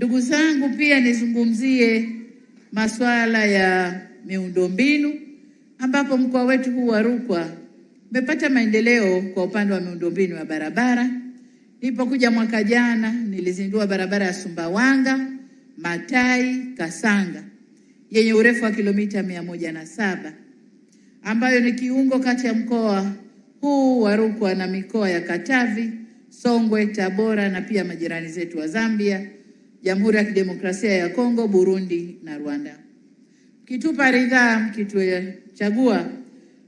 Ndugu zangu, pia nizungumzie masuala ya miundombinu ambapo mkoa wetu huu wa Rukwa umepata maendeleo kwa upande wa miundombinu ya barabara. Nilipokuja mwaka jana, nilizindua barabara ya Sumbawanga Matai Kasanga yenye urefu wa kilomita mia moja na saba ambayo ni kiungo kati ya mkoa huu wa Rukwa na mikoa ya Katavi, Songwe, Tabora na pia majirani zetu wa Zambia Jamhuri ya Kidemokrasia ya Kongo, Burundi na Rwanda. Mkitupa ridhaa, mkituchagua,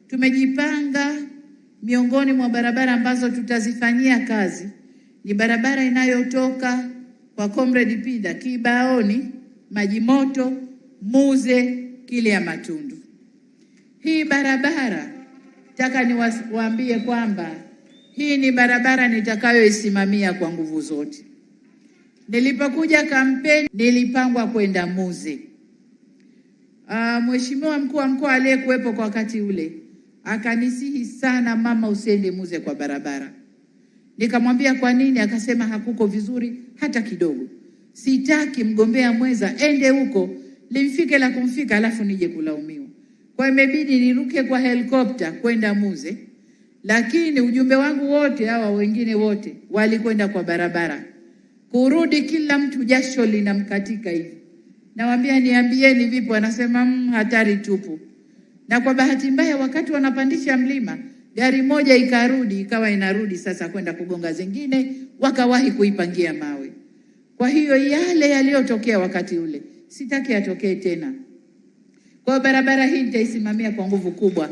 tumejipanga miongoni mwa barabara ambazo tutazifanyia kazi ni barabara inayotoka kwa Comrade Pida Kibaoni, Maji Moto, Muze, Kile Matundu. Hii barabara nataka niwaambie kwamba hii ni barabara nitakayoisimamia kwa nguvu zote. Nilipokuja kampeni nilipangwa kwenda Muzi. Uh, ah, Mheshimiwa mkuu wa mkoa aliyekuwepo kwa wakati ule akanisihi sana, mama, usiende Muze kwa barabara. Nikamwambia kwa nini? Akasema hakuko vizuri hata kidogo. Sitaki mgombea mweza ende huko limfike la kumfika, alafu nije kulaumiwa. Kwa imebidi niruke kwa helikopta kwenda Muze, lakini ujumbe wangu wote hawa wengine wote walikwenda kwa barabara kurudi, kila mtu jasho linamkatika hivi. Nawaambia, niambieni vipo Anasema mm, hatari tupu. Na kwa bahati mbaya, wakati wanapandisha mlima, gari moja ikarudi, ikawa inarudi sasa kwenda kugonga zingine, wakawahi kuipangia mawe. Kwa hiyo yale yaliyotokea wakati ule sitaki yatokee tena. Kwa barabara hii nitaisimamia kwa nguvu kubwa,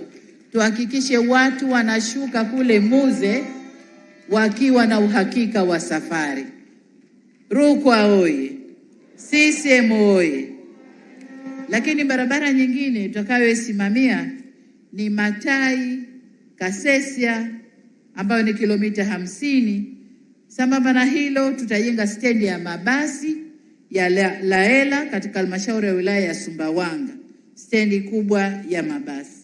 tuhakikishe watu wanashuka kule Muze wakiwa na uhakika wa safari. Rukwa oye! CCM oye! Lakini barabara nyingine tutakayoisimamia ni Matai Kasesia ambayo ni kilomita hamsini. Sambamba na hilo, tutajenga stendi ya mabasi ya Laela katika halmashauri ya wilaya ya Sumbawanga, stendi kubwa ya mabasi.